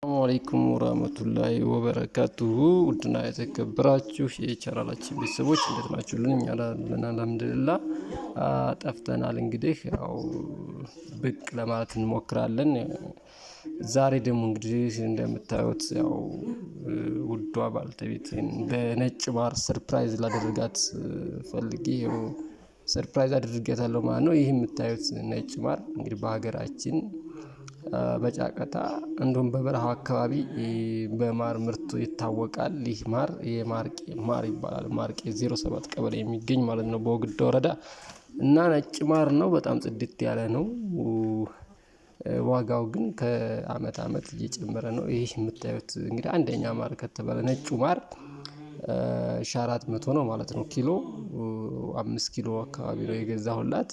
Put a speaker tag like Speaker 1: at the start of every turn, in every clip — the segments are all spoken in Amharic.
Speaker 1: ሰላሙ አለይኩም ወራህመቱላሂ ወበረካቱሁ ውድና የተከበራችሁ የቻናላችን ቤተሰቦች እንዴት ናችሁልን? እኛ ላለን አልሐምዱሊላ ጠፍተናል። እንግዲህ ያው ብቅ ለማለት እንሞክራለን። ዛሬ ደግሞ እንግዲህ እንደምታዩት ያው ውዷ ባለቤቴን በነጭ ማር ሰርፕራይዝ ላደረጋት ፈልጌ ይኸው ሰርፕራይዝ አድርጌታለሁ ማለት ነው። ይህ የምታዩት ነጭ ማር እንግዲህ በሀገራችን በጫቀታ እንዲሁም በበረሃው አካባቢ በማር ምርቱ ይታወቃል። ይህ ማር የማርቄ ማር ይባላል። ማርቄ 07 ቀበሌ የሚገኝ ማለት ነው በወግዳ ወረዳ እና ነጭ ማር ነው። በጣም ጽድት ያለ ነው። ዋጋው ግን ከአመት አመት እየጨመረ ነው። ይህ የምታዩት እንግዲህ አንደኛ ማር ከተባለ ነጩ ማር ሺ አራት መቶ ነው ማለት ነው። ኪሎ አምስት ኪሎ አካባቢ ነው የገዛሁላት።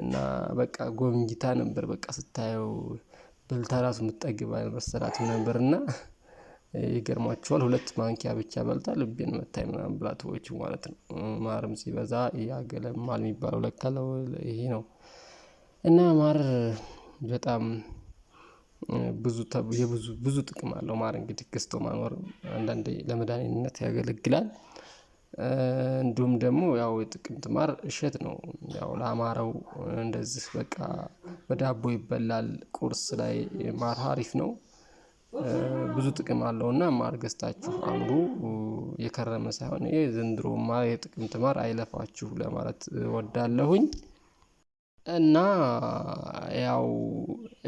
Speaker 1: እና በቃ ጎብኝታ ነበር በቃ ስታየው በልታ ራሱ የምትጠግብ አልመሰላትም ነበር እና ይገርማችኋል ሁለት ማንኪያ ብቻ በልታ ልቤን መታኝ ምናምን ብላ ማለት ነው። ማርም ሲበዛ ያገለማል የሚባለው ለካ ይሄ ነው። እና ማር በጣም ብዙ የብዙ ብዙ ጥቅም አለው ማር እንግዲህ ገዝቶ ማኖር አንዳንዴ ለመድኃኒትነት ያገለግላል። እንዲሁም ደግሞ ያው የጥቅምት ማር እሸት ነው። ያው ለአማረው እንደዚህ በቃ በዳቦ ይበላል ቁርስ ላይ ማር አሪፍ ነው። ብዙ ጥቅም አለው እና ማር ገዝታችሁ አምሩ። የከረመ ሳይሆን ይሄ ዘንድሮ ማር የጥቅምት ማር አይለፋችሁ ለማለት ወዳለሁኝ እና ያው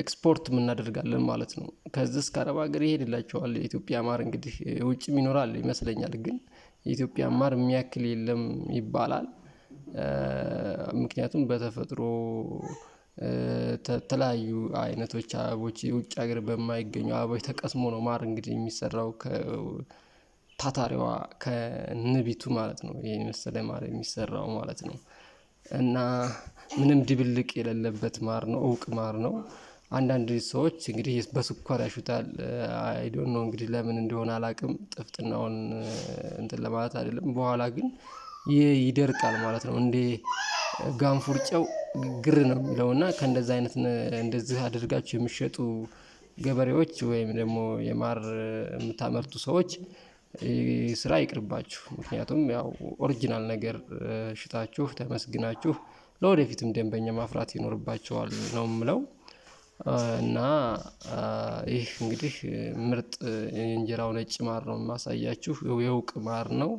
Speaker 1: ኤክስፖርት እናደርጋለን ማለት ነው። ከዚህ እስከ አረብ ሀገር ይሄድላቸዋል። የኢትዮጵያ ማር እንግዲህ ውጭም ይኖራል ይመስለኛል ግን የኢትዮጵያ ማር የሚያክል የለም ይባላል። ምክንያቱም በተፈጥሮ ተለያዩ አይነቶች አበቦች ውጭ ሀገር በማይገኙ አበቦች ተቀስሞ ነው ማር እንግዲህ የሚሰራው ታታሪዋ ከንቢቱ ማለት ነው። ይህ መሰለ ማር የሚሰራው ማለት ነው። እና ምንም ድብልቅ የሌለበት ማር ነው። እውቅ ማር ነው። አንዳንድ ሰዎች እንግዲህ በስኳር ያሹታል። አይዶን ነው እንግዲህ ለምን እንደሆነ አላቅም ጥፍጥናውን እንትን ለማለት አይደለም። በኋላ ግን ይህ ይደርቃል ማለት ነው። እንዴ ጋንፎር ጨው ግር ነው የሚለው እና ከእንደዚህ አይነት እንደዚህ አድርጋችሁ የሚሸጡ ገበሬዎች ወይም ደግሞ የማር የምታመርቱ ሰዎች ስራ ይቅርባችሁ። ምክንያቱም ያው ኦሪጂናል ነገር ሽጣችሁ ተመስግናችሁ ለወደፊትም ደንበኛ ማፍራት ይኖርባቸዋል ነው የምለው። እና ይህ እንግዲህ ምርጥ የእንጀራው ነጭ ማር ነው የማሳያችሁ የውቅ ማር ነው።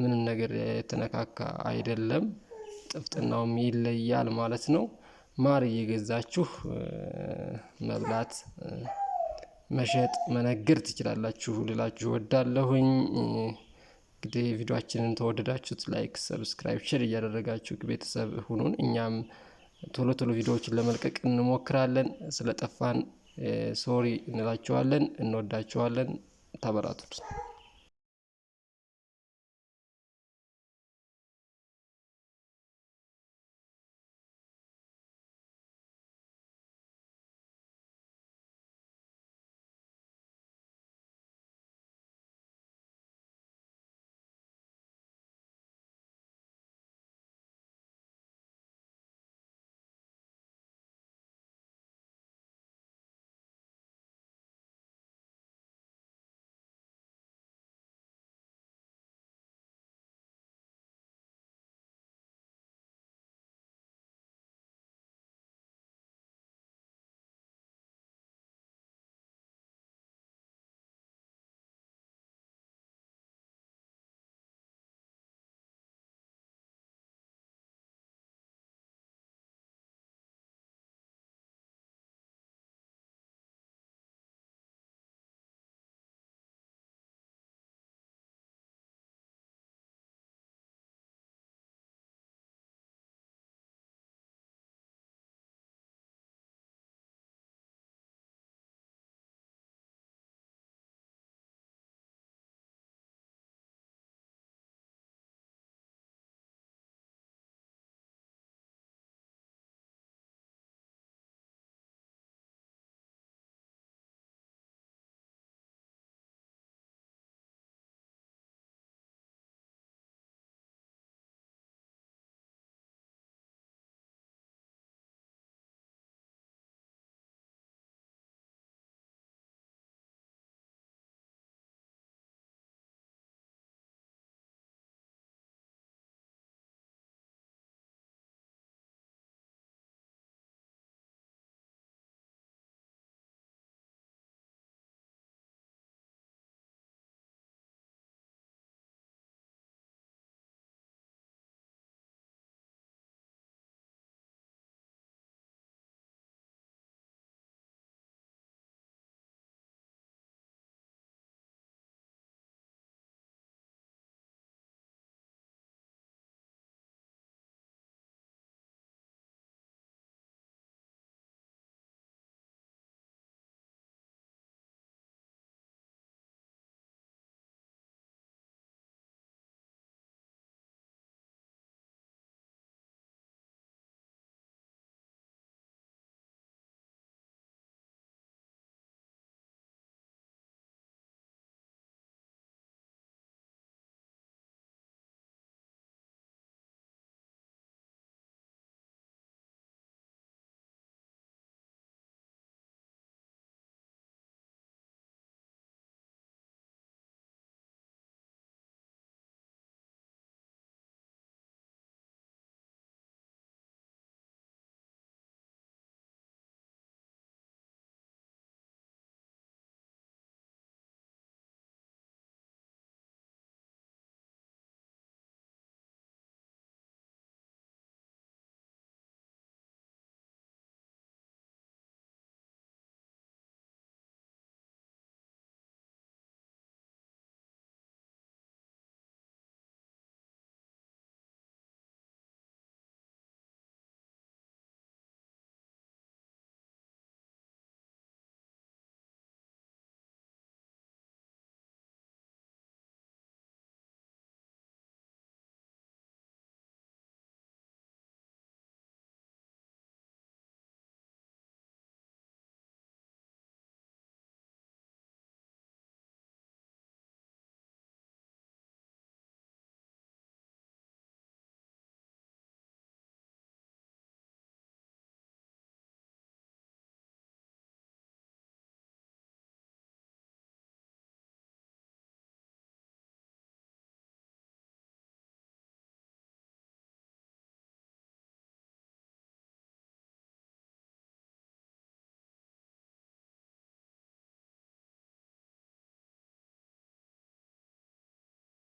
Speaker 1: ምንም ነገር የተነካካ አይደለም። ጥፍጥናውም ይለያል ማለት ነው። ማር እየገዛችሁ መብላት መሸጥ መነገር ትችላላችሁ ልላችሁ ወዳለሁኝ። እንግዲህ ቪዲዮችንን ተወደዳችሁት ላይክ፣ ሰብስክራይብ፣ ሼር እያደረጋችሁ ቤተሰብ ሁኑን እኛም ቶሎ ቶሎ ቪዲዮዎችን ለመልቀቅ እንሞክራለን። ስለጠፋን ሶሪ እንላችኋለን። እንወዳችኋለን። ተበራቱት።